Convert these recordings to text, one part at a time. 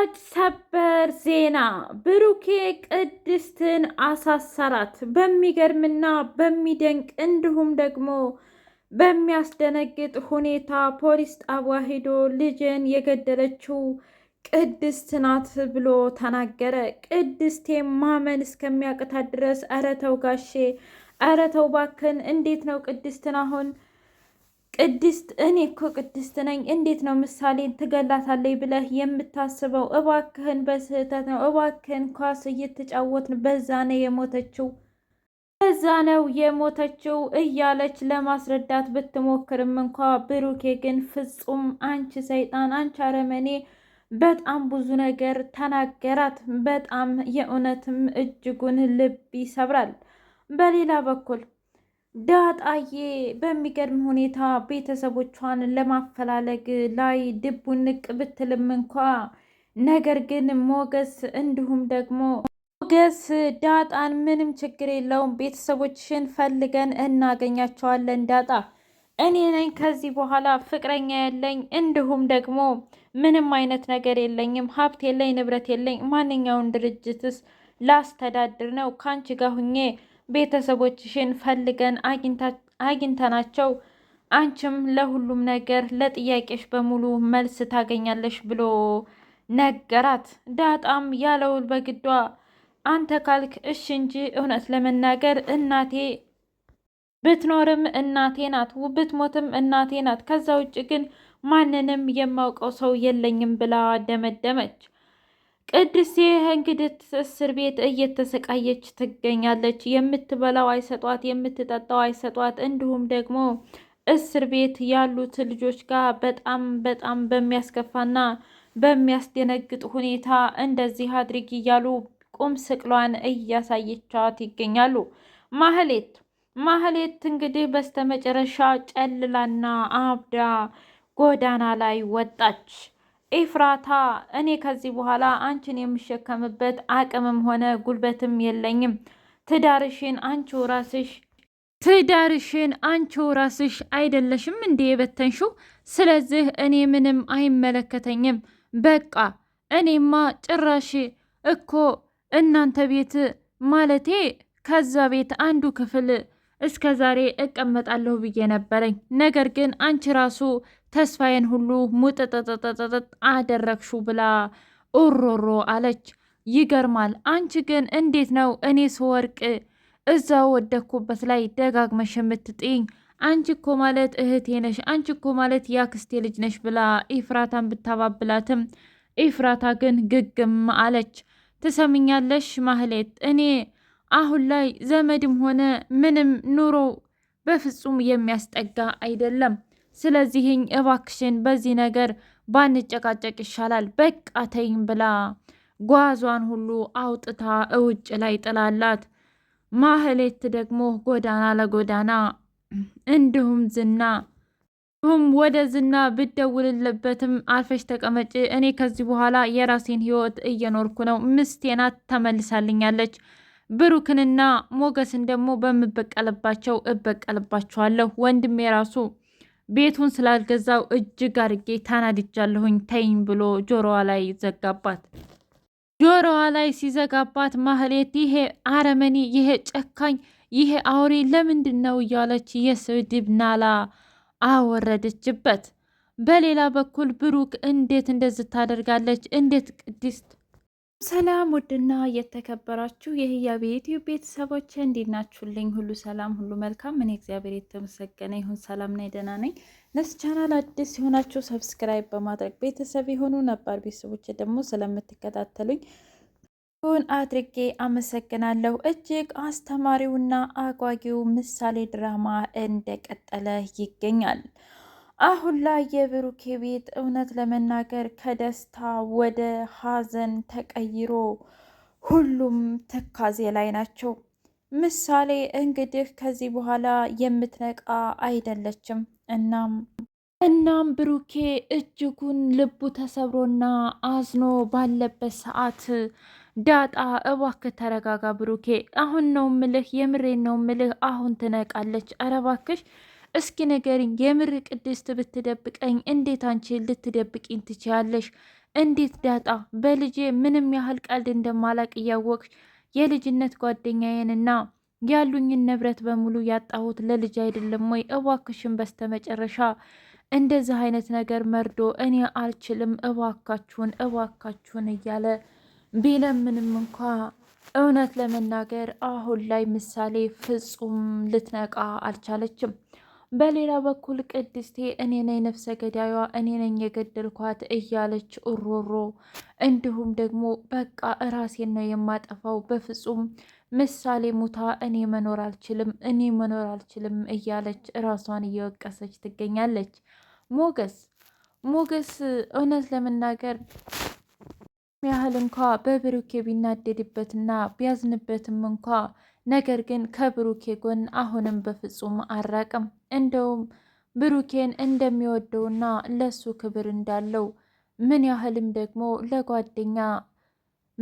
ወዳጅ ሰበር ዜና ብሩኬ ቅድስትን አሳሰራት። በሚገርምና በሚደንቅ እንዲሁም ደግሞ በሚያስደነግጥ ሁኔታ ፖሊስ ጣቢያ ሄዶ ልጅን የገደለችው ቅድስት ናት ብሎ ተናገረ። ቅድስቴ ማመን እስከሚያቅታት ድረስ ኧረ ተው ጋሼ፣ ኧረ ተው ባክን፣ እንዴት ነው ቅድስትን አሁን ቅድስት እኔ እኮ ቅድስት ነኝ። እንዴት ነው ምሳሌን ትገላታለይ ብለህ የምታስበው? እባክህን በስህተት ነው። እባክህን ኳስ እየተጫወትን በዛ ነው የሞተችው፣ በዛ ነው የሞተችው እያለች ለማስረዳት ብትሞክርም እንኳ ብሩኬ ግን ፍጹም አንቺ ሰይጣን፣ አንቺ አረመኔ በጣም ብዙ ነገር ተናገራት። በጣም የእውነትም እጅጉን ልብ ይሰብራል። በሌላ በኩል ዳጣዬ በሚገርም ሁኔታ ቤተሰቦቿን ለማፈላለግ ላይ ንቅ ብትልም እንኳ ነገር ግን ሞገስ እንዲሁም ደግሞ ሞገስ ዳጣን ምንም ችግር የለውም፣ ቤተሰቦችሽን ፈልገን እናገኛቸዋለን። ዳጣ እኔ ነኝ ከዚህ በኋላ ፍቅረኛ ያለኝ እንዲሁም ደግሞ ምንም አይነት ነገር የለኝም፣ ሀብት የለኝ፣ ንብረት የለኝ። ማንኛውን ድርጅትስ ላስተዳድር ነው ከአንቺ ጋር ሁኜ ቤተሰቦችሽን ፈልገን አግኝተናቸው አንቺም ለሁሉም ነገር ለጥያቄሽ በሙሉ መልስ ታገኛለሽ ብሎ ነገራት። ዳጣም ያለውል በግዷ አንተ ካልክ እሺ እንጂ እውነት ለመናገር እናቴ ብትኖርም እናቴ ናት፣ ብትሞትም እናቴ ናት። ከዛ ውጭ ግን ማንንም የማውቀው ሰው የለኝም ብላ ደመደመች። ቅድስቴ እንግዲህ እስር ቤት እየተሰቃየች ትገኛለች። የምትበላው አይሰጧት፣ የምትጠጣው አይሰጧት። እንዲሁም ደግሞ እስር ቤት ያሉት ልጆች ጋር በጣም በጣም በሚያስከፋና በሚያስደነግጥ ሁኔታ እንደዚህ አድርጊ እያሉ ቁም ስቅሏን እያሳየቻት ይገኛሉ። ማህሌት ማህሌት እንግዲህ በስተመጨረሻ ጨልላና አብዳ ጎዳና ላይ ወጣች። ኤፍራታ እኔ ከዚህ በኋላ አንቺን የምሸከምበት አቅምም ሆነ ጉልበትም የለኝም። ትዳርሽን አንቺው ራስሽ ትዳርሽን አንቺው ራስሽ አይደለሽም እንዴ የበተንሽው? ስለዚህ እኔ ምንም አይመለከተኝም። በቃ እኔማ ጭራሽ እኮ እናንተ ቤት ማለቴ ከዛ ቤት አንዱ ክፍል እስከ ዛሬ እቀመጣለሁ ብዬ ነበረኝ። ነገር ግን አንቺ ራሱ ተስፋዬን ሁሉ ሙጥጥጥጥጥ አደረግሹ ብላ ኦሮሮ አለች። ይገርማል። አንቺ ግን እንዴት ነው እኔ ስወርቅ እዛው ወደኩበት ላይ ደጋግመሽ የምትጥኝ? አንቺ እኮ ማለት እህቴ ነሽ፣ አንቺ እኮ ማለት ያክስቴ ልጅ ነሽ ብላ ኤፍራታን ብታባብላትም ኢፍራታ ግን ግግም አለች። ትሰምኛለሽ ማህሌት፣ እኔ አሁን ላይ ዘመድም ሆነ ምንም ኑሮ በፍጹም የሚያስጠጋ አይደለም። ስለዚህኝ እባክሽን በዚህ ነገር ባንጨቃጨቅ ይሻላል፣ በቃ ተይኝ ብላ ጓዟን ሁሉ አውጥታ እውጭ ላይ ጥላላት። ማህሌት ደግሞ ጎዳና ለጎዳና እንዲሁም ዝና እንዲሁም ወደ ዝና ብደውልለበትም አርፈሽ ተቀመጭ፣ እኔ ከዚህ በኋላ የራሴን ህይወት እየኖርኩ ነው፣ ምስቴና ተመልሳልኛለች፣ ብሩክንና ሞገስን ደግሞ በምበቀልባቸው እበቀልባቸዋለሁ፣ ወንድሜ ራሱ ቤቱን ስላልገዛው እጅግ አርጌ ታናድጃለሁኝ ተይኝ ብሎ ጆሮዋ ላይ ዘጋባት። ጆሮዋ ላይ ሲዘጋባት ማህሌት ይሄ አረመኔ፣ ይሄ ጨካኝ፣ ይሄ አውሬ ለምንድን ነው እያለች የስድብ ናላ አወረደችበት። በሌላ በኩል ብሩክ እንዴት እንደዚህ ታደርጋለች? እንዴት ቅድስት ሰላም ውድና የተከበራችሁ የህያ ቤትዩ ቤተሰቦች እንዴት ናችሁልኝ? ሁሉ ሰላም፣ ሁሉ መልካም። እኔ እግዚአብሔር የተመሰገነ ይሁን ሰላምና ደህና ነኝ። ለስ ቻናል አዲስ ሲሆናችሁ ሰብስክራይብ በማድረግ ቤተሰብ የሆኑ ነባር ቤተሰቦች ደግሞ ስለምትከታተሉኝ ሁን አድርጌ አመሰግናለሁ። እጅግ አስተማሪውና አጓጊው ምሳሌ ድራማ እንደቀጠለ ይገኛል። አሁን ላይ የብሩኬ ቤት እውነት ለመናገር ከደስታ ወደ ሀዘን ተቀይሮ ሁሉም ትካዜ ላይ ናቸው። ምሳሌ እንግዲህ ከዚህ በኋላ የምትነቃ አይደለችም። እናም እናም ብሩኬ እጅጉን ልቡ ተሰብሮና አዝኖ ባለበት ሰዓት ዳጣ እባክህ ተረጋጋ ብሩኬ፣ አሁን ነው ምልህ፣ የምሬን ነው ምልህ፣ አሁን ትነቃለች። አረባክሽ እስኪ ንገሪኝ፣ የምር ቅድስት ብትደብቀኝ እንዴት አንቺ ልትደብቂኝ ትችያለሽ? እንዴት ዳጣ በልጄ ምንም ያህል ቀልድ እንደማላቅ እያወቅሽ የልጅነት ጓደኛዬንና ያሉኝን ንብረት በሙሉ ያጣሁት ለልጅ አይደለም ወይ? እባክሽን በስተመጨረሻ እንደዚህ አይነት ነገር መርዶ እኔ አልችልም፣ እባካችሁን እባካችሁን እያለ ቢለምንም እንኳ እውነት ለመናገር አሁን ላይ ምሳሌ ፍጹም ልትነቃ አልቻለችም። በሌላ በኩል ቅድስቴ እኔ ነኝ ነፍሰ ገዳዩዋ እኔ ነኝ የገደልኳት እያለች እሮሮ፣ እንዲሁም ደግሞ በቃ እራሴን ነው የማጠፋው፣ በፍጹም ምሳሌ ሙታ እኔ መኖር አልችልም፣ እኔ መኖር አልችልም እያለች እራሷን እየወቀሰች ትገኛለች። ሞገስ ሞገስ እውነት ለመናገር ያህል እንኳ በብሩኬ ቢናደድበትና ቢያዝንበትም እንኳ ነገር ግን ከብሩኬ ጎን አሁንም በፍጹም አራቅም እንደውም ብሩኬን እንደሚወደውና ለሱ ክብር እንዳለው ምን ያህልም ደግሞ ለጓደኛ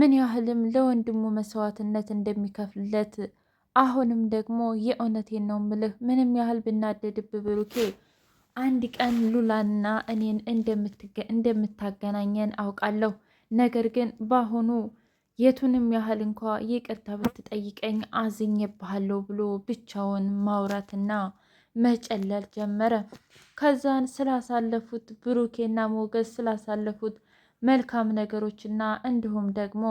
ምን ያህልም ለወንድሙ መስዋዕትነት እንደሚከፍልለት አሁንም ደግሞ የእውነቴን ነው ምልህ ምንም ያህል ብናደድብ ብሩኬ አንድ ቀን ሉላንና እኔን እንደምታገናኘን አውቃለሁ። ነገር ግን በአሁኑ የቱንም ያህል እንኳ ይቅርታ ብትጠይቀኝ አዝኜብሃለሁ ብሎ ብቻውን ማውራትና መጨለል ጀመረ። ከዛን ስላሳለፉት ብሩኬና ሞገስ ስላሳለፉት መልካም ነገሮችና እንዲሁም ደግሞ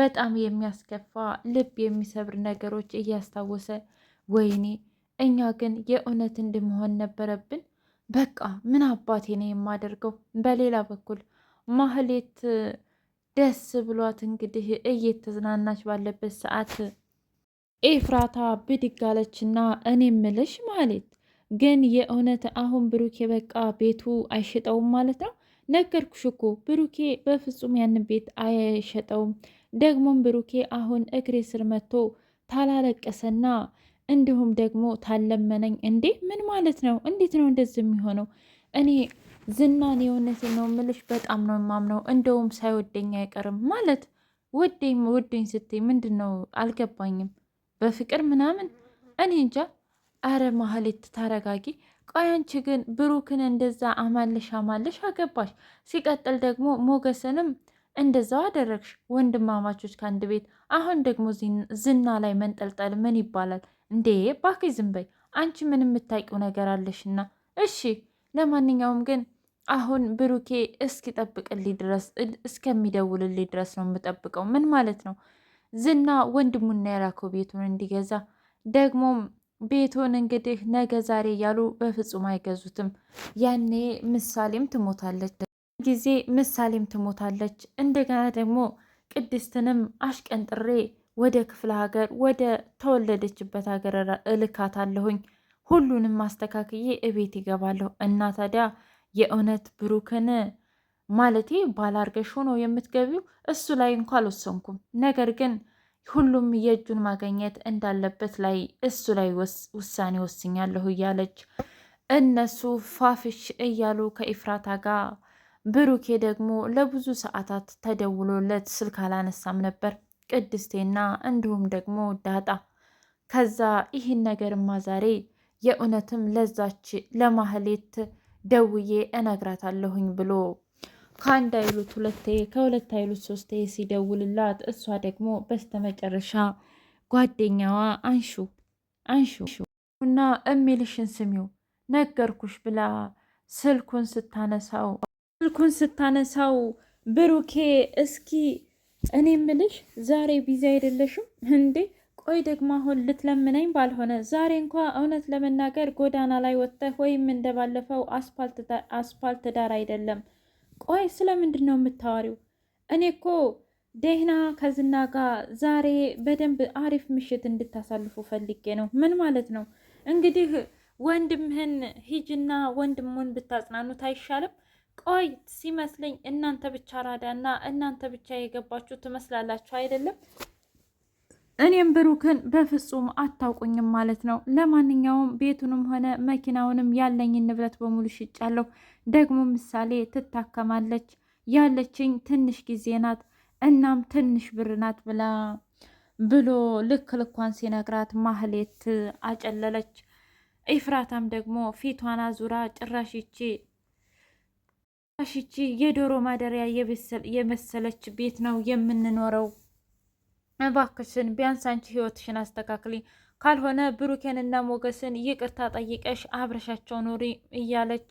በጣም የሚያስከፋ ልብ የሚሰብር ነገሮች እያስታወሰ ወይኔ እኛ ግን የእውነት እንድመሆን ነበረብን። በቃ ምን አባቴ ነው የማደርገው። በሌላ በኩል ማህሌት ደስ ብሏት እንግዲህ እየተዝናናች ባለበት ሰዓት ኤፍራታ ብድግ አለችና እኔ ምልሽ ማለት ግን የእውነት አሁን ብሩኬ በቃ ቤቱ አይሸጠውም ማለት ነው? ነገርኩሽ እኮ ብሩኬ በፍጹም ያንን ቤት አይሸጠውም። ደግሞም ብሩኬ አሁን እግሬ ስር መጥቶ ታላለቀሰና እንዲሁም ደግሞ ታለመነኝ እንዴ! ምን ማለት ነው? እንዴት ነው እንደዚህ የሚሆነው? እኔ ዝናን የእውነቴን ነው ምልሽ በጣም ነው የማምነው። እንደውም ሳይወደኝ አይቀርም ማለት ወደኝ ወደኝ ስትይ ምንድን ነው አልገባኝም። በፍቅር ምናምን እኔ እንጃ። አረ ማህሌት ታረጋጊ። ቆይ አንቺ ግን ብሩክን እንደዛ አማልሽ አማልሽ አገባሽ። ሲቀጥል ደግሞ ሞገስንም እንደዛው አደረግሽ። ወንድማማቾች ከአንድ ቤት። አሁን ደግሞ ዝና ላይ መንጠልጠል ምን ይባላል እንዴ? ባክሽ ዝም በይ አንቺ ምን የምታውቂው ነገር አለሽና። እሺ ለማንኛውም ግን አሁን ብሩኬ እስኪጠብቅልኝ ድረስ እስከሚደውልልኝ ድረስ ነው የምጠብቀው። ምን ማለት ነው? ዝና ወንድሙና የላከው ቤቱን እንዲገዛ ደግሞም ቤቱን እንግዲህ ነገ ዛሬ እያሉ በፍጹም አይገዙትም። ያኔ ምሳሌም ትሞታለች ጊዜ ምሳሌም ትሞታለች። እንደገና ደግሞ ቅድስትንም አሽቀንጥሬ ወደ ክፍለ ሀገር ወደ ተወለደችበት ሀገር እልካታለሁኝ። ሁሉንም ማስተካከዬ እቤት ይገባለሁ እና ታዲያ የእውነት ብሩክን ማለቴ ባላርገሽ ሆኖ የምትገቢው እሱ ላይ እንኳ አልወሰንኩም። ነገር ግን ሁሉም የእጁን ማገኘት እንዳለበት ላይ እሱ ላይ ውሳኔ ወስኛለሁ እያለች እነሱ ፋፍሽ እያሉ ከኢፍራታ ጋር ብሩኬ ደግሞ ለብዙ ሰዓታት ተደውሎለት ስልክ አላነሳም ነበር ቅድስቴና እንዲሁም ደግሞ ዳጣ። ከዛ ይህን ነገርማ ዛሬ የእውነትም ለዛች ለማህሌት ደውዬ እነግራታለሁኝ ብሎ ከአንድ አይሉት ሁለቴ ከሁለት አይሉት ሶስቴ ሲደውልላት እሷ ደግሞ በስተመጨረሻ ጓደኛዋ አንሹ አንሹ እና እሚልሽን ስሚው ነገርኩሽ ብላ ስልኩን ስታነሳው ስልኩን ስታነሳው ብሩኬ እስኪ እኔ ምልሽ ዛሬ ቢዚ አይደለሽም እንዴ? ቆይ ደግሞ አሁን ልትለምነኝ ባልሆነ ዛሬ እንኳ እውነት ለመናገር ጎዳና ላይ ወጥተህ ወይም እንደባለፈው አስፋልት ዳር አይደለም። ቆይ ስለምንድን ነው የምታወሪው? እኔ እኮ ደህና ከዝና ጋር ዛሬ በደንብ አሪፍ ምሽት እንድታሳልፉ ፈልጌ ነው። ምን ማለት ነው እንግዲህ ወንድምህን ሂጅና ወንድሙን ብታጽናኑት አይሻልም? ቆይ ሲመስለኝ እናንተ ብቻ ራዳና እናንተ ብቻ የገባችሁ ትመስላላችሁ አይደለም እኔም ብሩክን በፍጹም አታውቁኝም ማለት ነው። ለማንኛውም ቤቱንም ሆነ መኪናውንም ያለኝን ንብረት በሙሉ ሽጫለሁ። ደግሞ ምሳሌ ትታከማለች፣ ያለችኝ ትንሽ ጊዜ ናት፣ እናም ትንሽ ብር ናት ብላ ብሎ ልክ ልኳን ሲነግራት ማህሌት አጨለለች። ኤፍራታም ደግሞ ፊቷን አዙራ ጭራሽ ይቺ ጭራሽ ይቺ የዶሮ ማደሪያ የመሰለች ቤት ነው የምንኖረው እባክሽን ቢያንስ አንቺ ህይወትሽን አስተካክሊ፣ ካልሆነ ብሩኬንና ሞገስን ይቅርታ ጠይቀሽ አብረሻቸው ኑሪ እያለች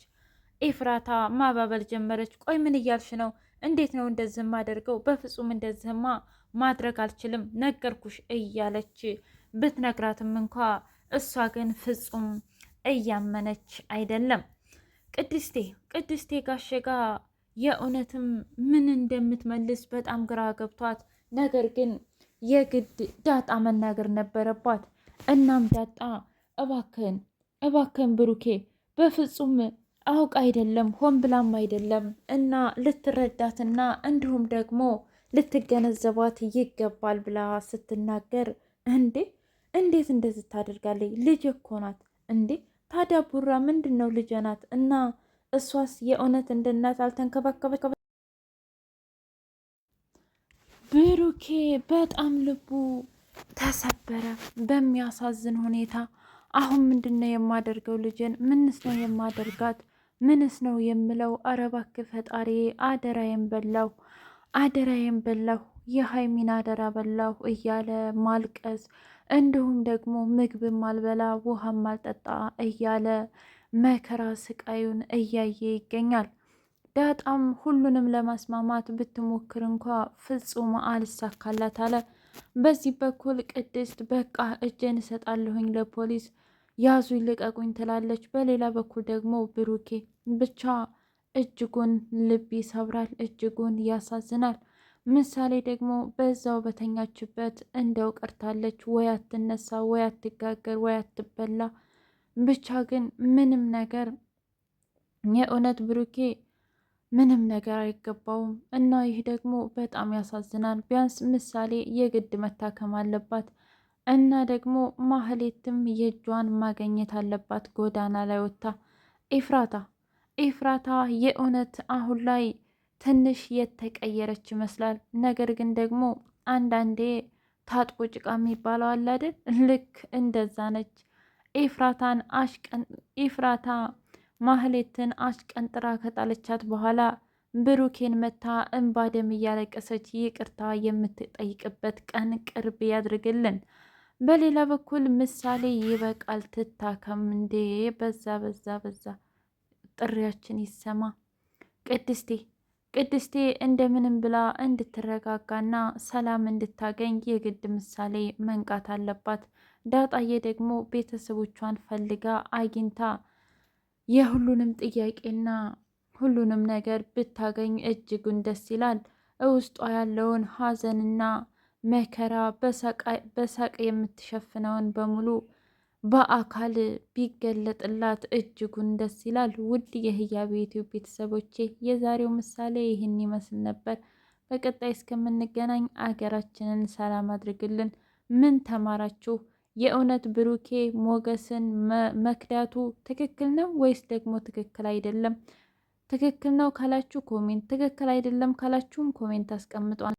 ኤፍራታ ማባበል ጀመረች። ቆይ ምን እያልሽ ነው? እንዴት ነው እንደዚህ ማደርገው? በፍጹም እንደዚህማ ማድረግ አልችልም፣ ነገርኩሽ እያለች ብትነግራትም እንኳ እሷ ግን ፍጹም እያመነች አይደለም። ቅድስቴ ቅድስቴ ጋሼ ጋ የእውነትም ምን እንደምትመልስ በጣም ግራ ገብቷት ነገር ግን የግድ ዳጣ መናገር ነበረባት። እናም ዳጣ እባክን እባክን ብሩኬ በፍጹም አውቅ አይደለም ሆን ብላም አይደለም እና ልትረዳትና እንዲሁም ደግሞ ልትገነዘባት ይገባል ብላ ስትናገር፣ እንዴ እንዴት እንደዚህ ታደርጋለች? ልጅ እኮ ናት እንዴ! ታዲያ ቡራ ምንድን ነው? ልጅ ናት እና እሷስ የእውነት እንደናት አልተንከባከበ ብሩኬ በጣም ልቡ ተሰበረ በሚያሳዝን ሁኔታ። አሁን ምንድን ነው የማደርገው? ልጅን ምንስ ነው የማደርጋት? ምንስ ነው የምለው? አረባክ እባክህ ፈጣሪ አደራዬን በላሁ፣ አደራዬን በላሁ፣ የሀይሚን አደራ በላሁ እያለ ማልቀስ እንዲሁም ደግሞ ምግብም አልበላ ውሃም አልጠጣ እያለ መከራ ስቃዩን እያየ ይገኛል። ዳጣም ሁሉንም ለማስማማት ብትሞክር እንኳ ፍጹም አልሳካላት አለ። በዚህ በኩል ቅድስት በቃ እጄን እሰጣለሁኝ ለፖሊስ ያዙ ይልቀቁኝ ትላለች። በሌላ በኩል ደግሞ ብሩኬ ብቻ እጅጉን ልብ ይሰብራል፣ እጅጉን ያሳዝናል። ምሳሌ ደግሞ በዛው በተኛችበት እንደው ቀርታለች። ወይ አትነሳ፣ ወይ አትጋገር፣ ወይ አትበላ ብቻ ግን ምንም ነገር የእውነት ብሩኬ ምንም ነገር አይገባውም እና ይህ ደግሞ በጣም ያሳዝናል። ቢያንስ ምሳሌ የግድ መታከም አለባት እና ደግሞ ማህሌትም የእጇን ማገኘት አለባት። ጎዳና ላይ ወጥታ ኤፍራታ ኤፍራታ የእውነት አሁን ላይ ትንሽ የተቀየረች ይመስላል። ነገር ግን ደግሞ አንዳንዴ ታጥቦ ጭቃ የሚባለው አለ አይደል? ልክ እንደዛ ነች ኤፍራታን አሽቀን ኤፍራታ ማህሌትን አሽቀንጥራ ከጣለቻት በኋላ ብሩኬን መታ እንባ ደም እያለቀሰች ይቅርታ የምትጠይቅበት ቀን ቅርብ ያድርግልን። በሌላ በኩል ምሳሌ ይበቃል፣ ትታከም እንዴ! በዛ በዛ በዛ። ጥሪያችን ይሰማ። ቅድስቴ ቅድስቴ እንደምንም ብላ እንድትረጋጋና ሰላም እንድታገኝ የግድ ምሳሌ መንቃት አለባት። ዳጣዬ ደግሞ ቤተሰቦቿን ፈልጋ አግኝታ የሁሉንም ጥያቄና ሁሉንም ነገር ብታገኝ እጅጉን ደስ ይላል። እውስጧ ያለውን ሐዘንና መከራ በሳቅ የምትሸፍነውን በሙሉ በአካል ቢገለጥላት እጅጉን ደስ ይላል። ውድ የህያ ቤቱ ቤተሰቦቼ የዛሬው ምሳሌ ይህን ይመስል ነበር። በቀጣይ እስከምንገናኝ አገራችንን ሰላም አድርግልን። ምን ተማራችሁ? የእውነት ብሩኬ ሞገስን መክዳቱ ትክክል ነው ወይስ ደግሞ ትክክል አይደለም? ትክክል ነው ካላችሁ ኮሜንት፣ ትክክል አይደለም ካላችሁም ኮሜንት አስቀምጧል።